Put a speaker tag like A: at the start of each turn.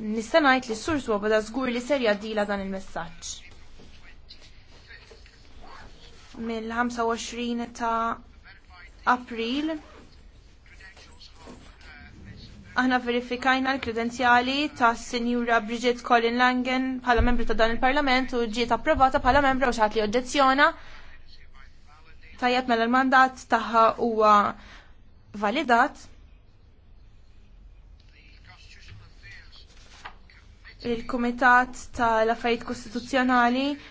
A: Nista' ngħid li s-sur swoboda żgur li ser jaddila dan il-messaġġ. Mill-25 ta' April aħna verifikajna l-kredenzjali ta' Sinjura Bridget Colin Langen bħala membru ta' dan il-Parlament u ġiet approvata bħala membru u xaħat li oġġezzjona tajjeb mela l-mandat tagħha huwa validat il-Kumitat tal-Affarijiet Kostituzzjonali